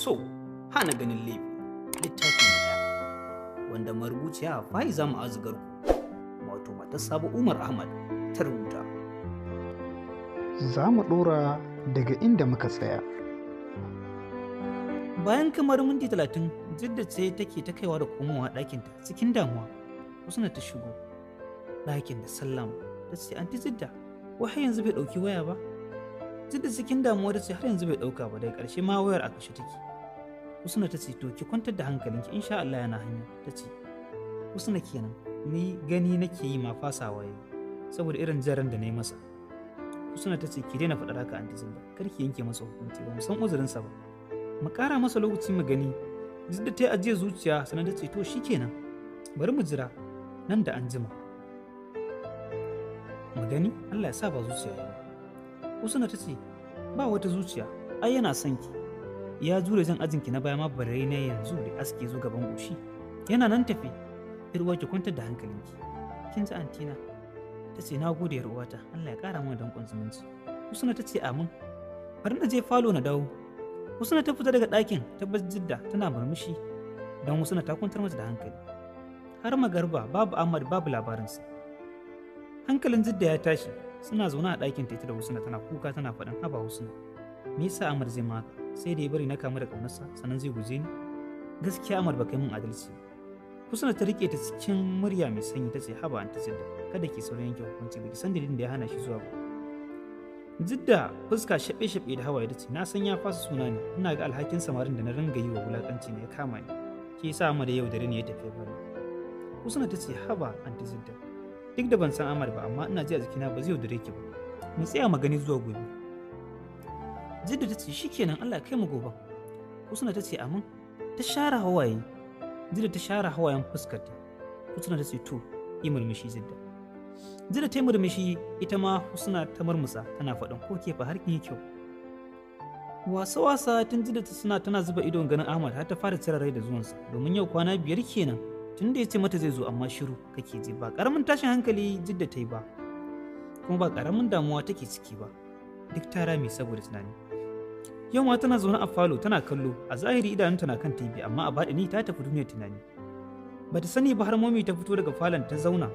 so hana ganin laifi littafi na daya wanda marubuciya faiza ma'azu garku wato mata sabu umar ahmad ta rubuta za mu ɗora daga inda muka tsaya bayan kamar minti talatin jidda ce take ta kaiwa da komowa ɗakinta cikin damuwa usna ta shigo ɗakin da sallama ta ce anti jidda wai har yanzu bai ɗauki waya ba jidda cikin damuwa ta ce har yanzu bai ɗauka ba daga ƙarshe ma wayar a kashe take usuna ta ce to ki kwantar da hankalinki insha Allah yana hanya ta ce Husna kenan ni gani nake yi ma fasawa yau saboda irin jaran da na yi masa Husna ta ce ki daina faɗa haka anti Zumba kar ki yanke masa hukunci ba mu san uzurinsa ba mu ƙara masa lokaci mu gani duk da ta yi ajiyar zuciya sannan ta ce to kenan bari mu jira nan da an jima mu gani Allah ya sa ba zuciya ba Husna ta ce ba wata zuciya ai yana son ki ya jure jan ajinki na baya ma bare ne yanzu da aske zo gaban goshi yana nan tafi yar ki kwantar da hankalinki kin ji antina ta ce na gode yar uwata Allah ya kara mana dankon zumunci usuna ta ce amin bari na je falo na dawo usuna ta fita daga ɗakin ta bar jidda tana murmushi don usuna ta kwantar masa da hankali har magarba babu Ahmad babu labarinsa hankalin jidda ya tashi suna zaune a ɗakin ta ita da usuna tana kuka tana faɗin haba usuna me yasa Ahmad zai maka sai da ya bari na kama da ƙaunarsa sannan zai guje ni gaskiya amar baka yi min adalci kusan ta rike ta cikin murya mai sanyi ta ce haba an ta zidda kada ki saurin yanke hukunci ki san dalilin da ya hana shi zuwa ba zidda fuska shaɓe shaɓe da hawaye da ce na san ya fasa suna ne ina ga alhakin samarin da na ringa yi wa wulaƙancin ne ya kama ni ke sa amar da yau dare ne ya tafi ba kusan ta ce haba an ta zidda duk da ban san amar ba amma ina ji a jikina ba zai yaudare ki ba mu tsaya magani zuwa gobe zidda ta ce shikenan Allah kai mu gobe husna ta ce amin ta share hawaye zidda ta share hawayen fuskarta husna ta ce to yi murmushi zidda zidda ta yi murmushi ita ma husna ta murmusa tana faɗin ko ke fa har kin yi kyau wasa-wasa tun zidda ta suna tana zuba idon ganin ahmad har ta fara cire rai da zuwansa domin yau kwana biyar kenan tun da ya ce mata zai zo amma shiru kake ji ba karamin tashin hankali zidda ta yi ba kuma ba karamin damuwa take ciki ba duk ta mai saboda tunani Yau ma tana zaune a falo tana kallo a zahiri idanunta na kan TV amma a baɗini ta tafi duniyar tunani. Bata sani ba har momi ta fito daga falon ta zauna.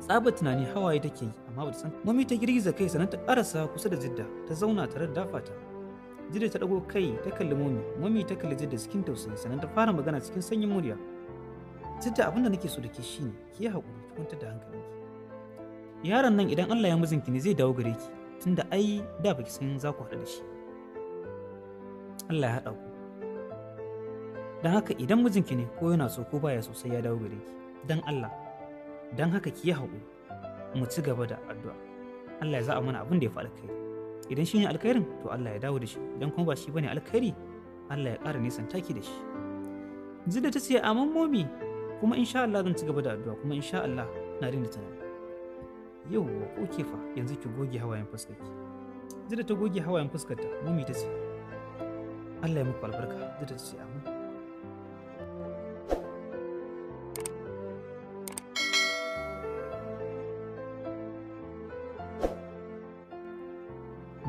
Tsaba tunani hawaye take yi amma bata san. Momi ta girgiza kai sannan ta ƙarasa kusa da Jidda ta zauna tare da dafata. Jidda ta ɗago kai ta kalli momi, momi ta kalli Jidda cikin tausayi sannan ta fara magana cikin sanyin murya. Jidda abinda nake so da ke shine ki haƙuri ki kwantar da hankalinki. Yaron nan idan Allah ya mizinki ne zai dawo gare ki tunda ai da baki san za ku haɗu da shi. Allah ya haɗa ku don haka idan mijinki ne ko yana so ko baya so sai ya dawo gare ki don Allah don haka ki yi haƙuri mu ci gaba da addu'a Allah ya za a mana abin da ya fi alkhairi idan shi ne alkhairin to Allah ya dawo da shi idan kuma ba shi bane alkhairi Allah ya ƙara nisan taki da shi jidda ta ce aman momi kuma insha Allah zan ci gaba da addu'a kuma insha Allah na daina tunani yau ko ke fa yanzu ki goge hawayen fuskarki jidda ta goge hawayen fuskarta momi ta ce Allah ya muku albarka da ta ce amin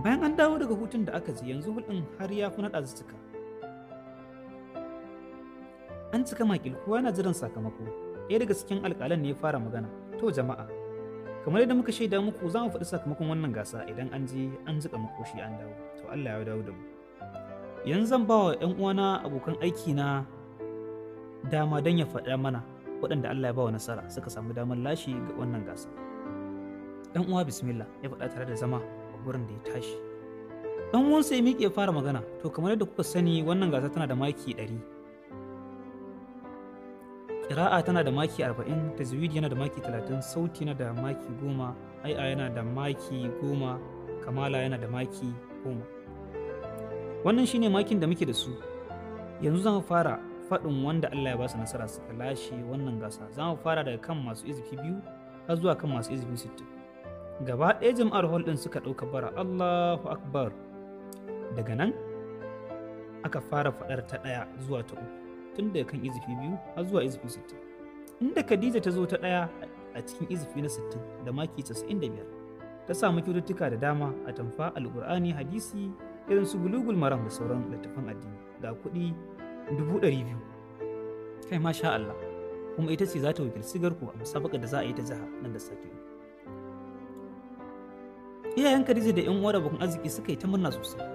bayan an dawo daga hutun da aka ji yanzu hulɗin har ya fi naɗa zuciya an cika makil kowa yana jiran sakamako ɗaya daga cikin alƙalan ne ya fara magana to jama'a kamar yadda muka shaida muku za mu faɗi sakamakon wannan gasa idan an je an jiƙa makoshi an dawo to Allah ya dawo da mu yanzu zan ba wa 'yan uwana abokan aiki na dama don ya faɗa mana waɗanda Allah ya ba wa nasara suka samu damar lashe ga wannan gasa Yan uwa bismillah ya faɗa tare da zama a gurin da ya tashi ɗan uwan sai miƙe fara magana to kamar yadda kuka sani wannan gasa tana da maki ɗari. Kira'a tana da maki arba'in, tazwidi yana da maki talatin, sauti yana da maki goma, ai'a yana da maki goma, kamala yana da maki goma. wannan shine makin da muke da su yanzu za fara faɗin wanda Allah ya ba su nasara su lashe wannan gasa za mu fara daga kan masu izifi biyu har zuwa kan masu izifi sittin gaba ɗaya jama'ar hall ɗin suka ɗauka bara Allahu akbar daga nan aka fara faɗar ta ɗaya zuwa ta uku tun daga kan izifi biyu har zuwa izifi sittin inda Khadija ta zo ta ɗaya a cikin izifi na sittin da maki casa'in da biyar ta samu kyaututtuka da dama a tamfa alƙur'ani hadisi irin su bulugul maram da sauran littattafan addini ga kuɗi dubu ɗari biyu kai ma sha Allah kuma ita ce za ta sigar garku a musabakar da za a yi ta jiha nan da sake iyayen Khadija da yan uwar abokan arziki suka yi ta murna sosai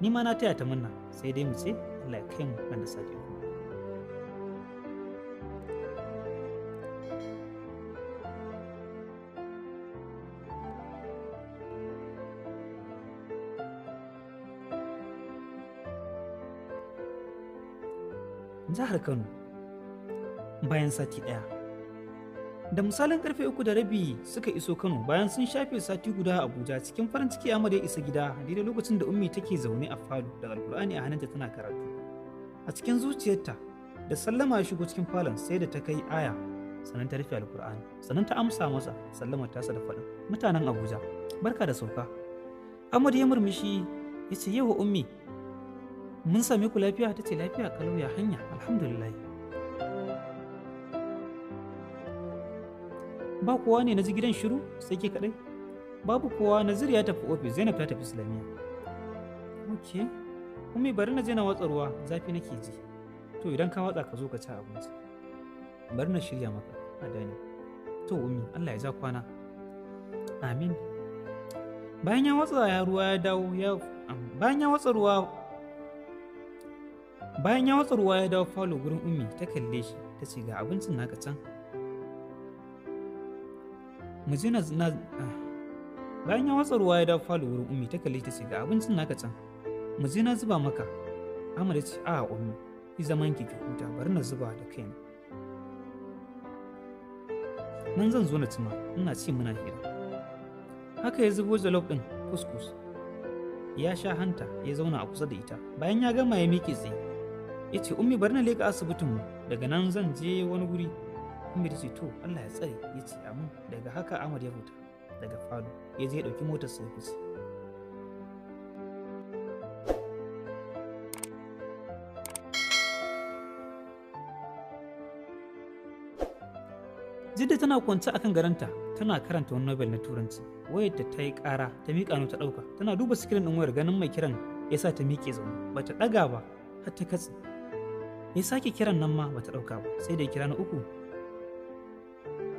ni ma na taya ta murna sai dai mu ce Allah ya kai mu nan da sake kuma jihar Kano bayan sati ɗaya. Da misalin karfe uku da rabi suka iso Kano bayan sun shafe sati guda a Abuja cikin farin ciki Ahmad ya isa gida daidai lokacin da Ummi take zaune a falo da Alkur'ani a hannunta tana karatu. A cikin zuciyarta da sallama ya shigo cikin falon sai da ta kai aya sannan ta rufe alkur'ani sannan ta amsa masa sallamar sa da faɗin mutanen abuja barka da sauka amadu ya murmushi ya ce yawa ummi mun same ku lafiya ta ce lafiya kalu ya hanya alhamdulillah ba kowa ne na ji gidan shiru sai ke kadai babu kowa nazir ya tafi ofis zainab ta tafi islamiyya ok umi bari na je na watsa ruwa zafi nake ji to idan ka watsa ka zo ka ci abinci bari na shirya maka a dani to umi allah ya ja kwana amin bayan ya watsa ruwa ya dawo ya bayan ya watsa ruwa bayan ya watsa ruwa ya dawo falo gurin ummi ta kalle shi ta ce ga abincin naka can mu na ah. bayan ya watsa ruwa ya dawo falo gurin ummi ta kalle ta ce ga abincin naka can mu na zuba maka amma ce a ummi yi zaman ki ki huta bari na zuba da kaina nan zan zo na cima ina ce muna hira haka ya zubo jalof din kuskus ya sha hanta ya zauna a kusa da ita bayan ya gama ya miƙe tsaye ya ce ummi bari na leƙa asibitin mu daga nan zan je wani guri ummi ta ce to Allah ya tsare ya ce amin daga haka Ahmad ya fita daga falo ya je ya ɗauki motar sai fice Jidda tana kwance akan garanta tana karanta wani Nobel na Turanci wayar da ta yi ƙara ta miƙa ta ɗauka tana duba sikirin ɗin wayar ganin mai kiran ya sa ta miƙe zaune ta ɗaga ba har ta katse ya sake kiran nan ma bata ɗauka ba sai da ya kira na uku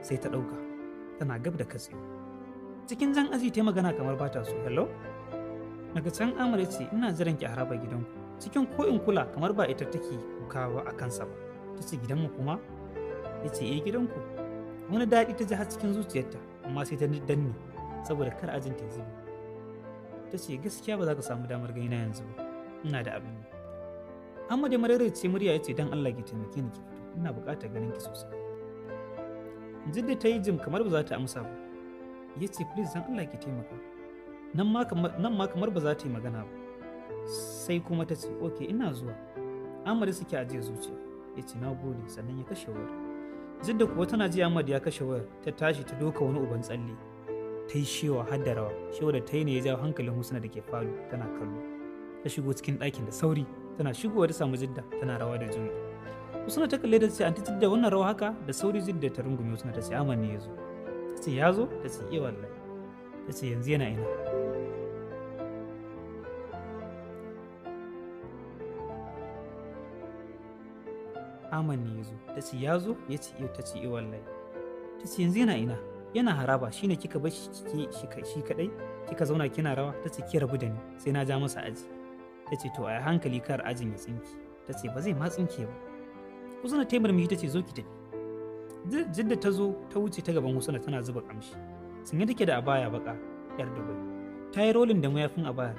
sai ta ɗauka tana gab da katse cikin jan aji ta magana kamar bata so hello daga can amur ce ina jiran ki haraba gidanku cikin ko in kula kamar ba ita take kuka ba a kansa ba ta ce gidanmu kuma ya ce eh gidanku wani daɗi ta ji har cikin zuciyarta amma sai ta danne saboda kar ajin ta zubi ta ce gaskiya ba za ka samu damar gani na yanzu ba ina da abin amma da marar ce murya ya ce don Allah ki taimake ni ki fito ina bukata ganin ki sosai. jiddi ta yi jim kamar ba za ta amsa ba. Ya ce please don Allah ki taimaka. Nan ma kamar ba za ta yi magana ba. Sai kuma ta ce okay ina zuwa. Ahmad suke ajiye zuciya. Ya ce na gode sannan ya kashe wayar. Jidda kuwa tana ji da ya kashe wayar ta tashi ta doka wani uban tsalle. Ta yi shewa har da rawa. Shewa da ta yi ne ya jawo hankalin Husna da ke falo tana kallo. Ta shigo cikin ɗakin da sauri. tana shigowa ta samu jidda tana rawa da juna usna ta kalle ta ce an jidda wannan rawa haka da sauri jidda ta rungume usna ta ce aman ne zo ta ce ya zo ta ce iya eh, wallahi ta ce yanzu yana ina aman ne zo ta ce ya zo ya ce iya eh, ta ce iya eh, wallahi ta ce yanzu yana ina yana haraba shine kika bar shi kadai kika zauna kina rawa ta ce ki rabu da ni sai na ja masa aji ta ce to a hankali kar ajin ya tsinki ta ce ba zai ma tsinke ba husna ta murmushi ta ce zo ki tafi jidda ta zo ta wuce ta gaban husna tana zuba kamshi Sun yi take da abaya baka yar dubai ta yi rolin da mayafin abaya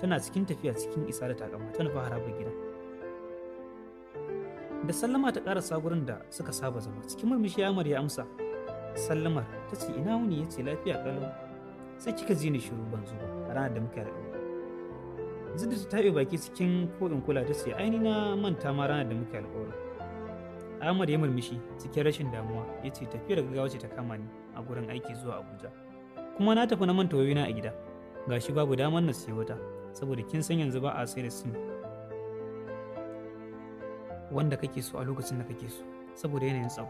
tana cikin tafiya cikin isa da takama ta nufa harabar gida da sallama ta ƙara sagurin da suka saba zama cikin murmushi amar ya amsa sallamar ta ce ina wuni ya ce lafiya kalau sai kika ji ni shiru ban zuwa a ranar da muka rabu zidda ta taɓe baki cikin ko kula ta sai aini na manta ma ranar da muke alƙawarin ahmad ya murmushi cikin rashin damuwa ya ce tafiyar gaggawa ce ta kama ni a gurin aiki zuwa abuja kuma na tafi na manta wayoyina a gida gashi babu damar na sai wata saboda kin san yanzu ba a sai da sim wanda kake so a lokacin da kake so saboda yanayin tsaro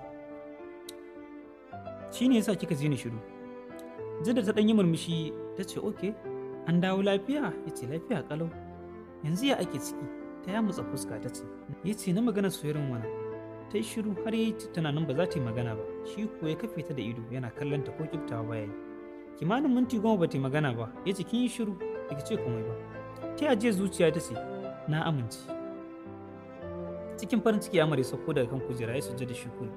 shi ne yasa kika je ni shiru zidda ta ɗan yi murmushi ta ce okay an dawo lafiya ya ce lafiya kalau yanzu ya ake ciki ta ya mutsa fuska ta ce ya ce na magana soyarin wani ta yi shiru har ya yi tunanin ba za ta yi magana ba shi ko ya kafe ta da ido yana kallon ta ko kiftawa baya yi kimanin minti goma ba ta yi magana ba ya ce kin yi shiru da ce komai ba ta yaje zuciya ta ce na amince cikin farin ciki amare sauko daga kan kujera ya sujjada shukuri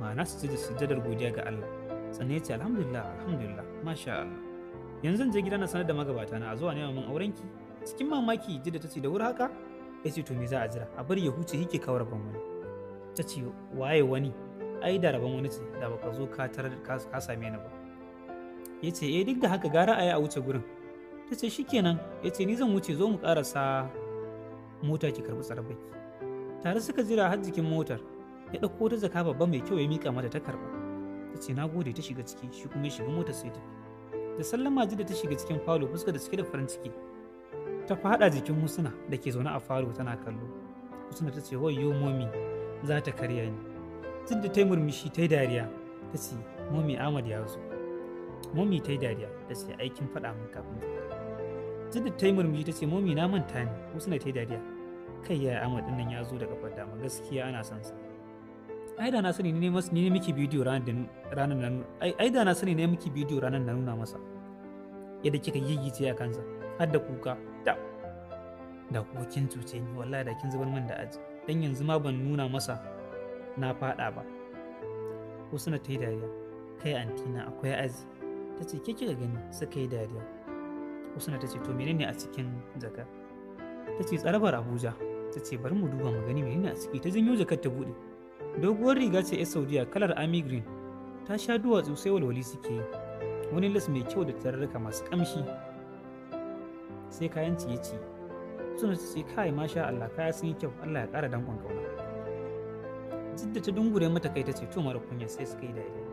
ma'ana sujjada sujjadar godiya ga Allah sannan ya ce alhamdulillah alhamdulillah masha yanzu je gida na sanar da magabata na a zuwa nema min aurenki cikin mamaki jidda ta ce da wuri haka ya ce to me za a jira a bari ya huce yake kawo rabon wani ta ce waye wani ai da rabon wani ce da baka zo ka tarar ka same ni ba ya ce eh duk da haka gara a yi a wuce gurin ta ce shikenan ya ce ni zan wuce zo mu karasa mota ki karbi tsarbai tare suka jira har jikin motar ya ɗauko ta zaka babba mai kyau ya mika mata ta karba ta ce na gode ta shiga ciki shi kuma ya shiga motar sai tafi da sallama da ta shiga cikin falo fuska da suke da farin ciki ta fada jikin husna da ke zaune a falo tana kallo husna ta ce wayo momi za ta karya ni da ta yi murmushi ta yi dariya ta ce momi ahmad ya zo momi ta yi dariya ta ce aikin faɗa min kafin ta da ta yi murmushi ta ce momi na manta ne, husna ta yi dariya kai ya ahmad din nan ya zo daga fadda ma gaskiya ana son sa ai da na sani ne masu ne miki bidiyo ranar nan ai da na sani ne miki bidiyo ranar nan nuna masa yadda kika gigice a kansa har da kuka da da kuwa kin cuce ni wallahi da kin zubar min da aji dan yanzu ma ban nuna masa na fada ba ko suna ta yi dariya kai antina akwai aji ta ce ke kika gani suka yi dariya ko suna ta ce to menene a cikin jaka ta ce tsarabar abuja ta ce bari mu duba mu gani menene a ciki ta janyo jakar ta bude doguwar riga ce 'yar saudiya kalar army green ta sha duwatsu sai walwali suke yi wani las mai kyau da tararraka masu kamshi sai kayan ciye-ciye suna ce kai masha Allah kaya sun yi kyau Allah ya ƙara dankon ƙauna jidda ta dungure mata kai ta ce to mara kunya sai suka yi dariya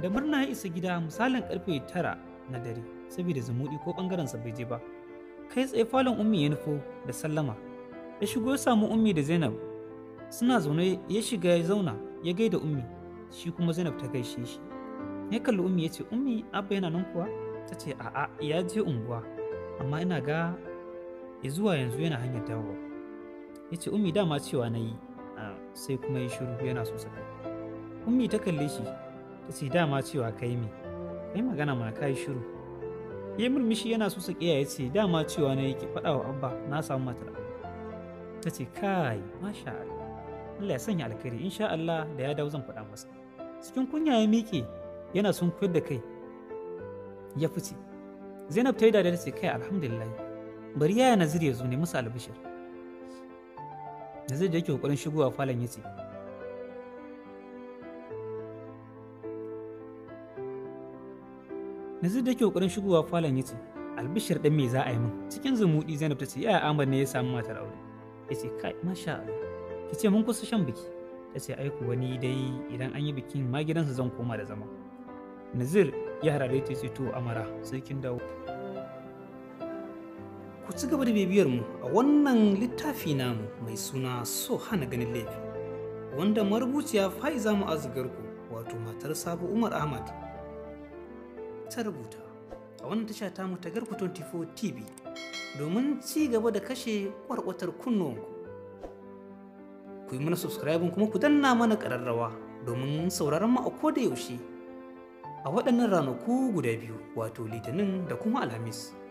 da murna ya isa gida misalin karfe tara na dare saboda zumuɗi ko ɓangarensa bai je ba kai tsaye falon ummi ya nufo da sallama ya shigo ya samu ummi da zainab suna zaune ya shiga ya zauna ya gaida ummi shi kuma zainab ta gaishe shi ya kalli ummi ya ce ummi abba yana nan kuwa ta ce a'a ya je unguwa amma ina ga ya zuwa yanzu yana hanyar dawowa ya ce ummi dama cewa na yi sai kuma ya shiru yana so saka ummi ta kalle shi ta ce dama cewa kai me kai magana mana kai shiru ya murmushi yana so su ya ce dama cewa na yake faɗa wa abba na samu matar ta ce kai masha Allah Allah ya sanya alkhairi insha Allah da ya dawo zan faɗa masa cikin kunya ya miƙe yana sun koyar da kai ya fice Zainab ta yi dada ta ce kai alhamdulillah bari yaya Nazir ya zo ne masa albishir Nazir da yake kokarin shigowa falon ya ce Nazir da ke ƙoƙarin shigowa falon ya ce, Albishir ɗan me za a yi min? Cikin zumudi Zainab ta ce, ya Ahmad ne ya samu matar aure. Ya ce, kai, masha Allah. Ki ce mun kusa shan biki. Ta ce, ai wani dai idan an yi bikin ma gidansa zan koma da zama. Nazir ya harare ta ce, to Amara, sai kin dawo. Ku ci gaba da bibiyar mu a wannan littafi namu mai suna so hana ganin laifi. Wanda marubuciya Faiza mu azgarku. wato matar Sabu Umar Ahmad ta rubuta a wannan tasha ta mu ta Garku 24 TV domin ci gaba da kashe kwarkwatar kunnuwanku. Ku yi mana subscribe kuma ku danna mana kararrawa domin sauraron mu a koda yaushe a waɗannan ranaku guda biyu wato Litinin da kuma Alhamis.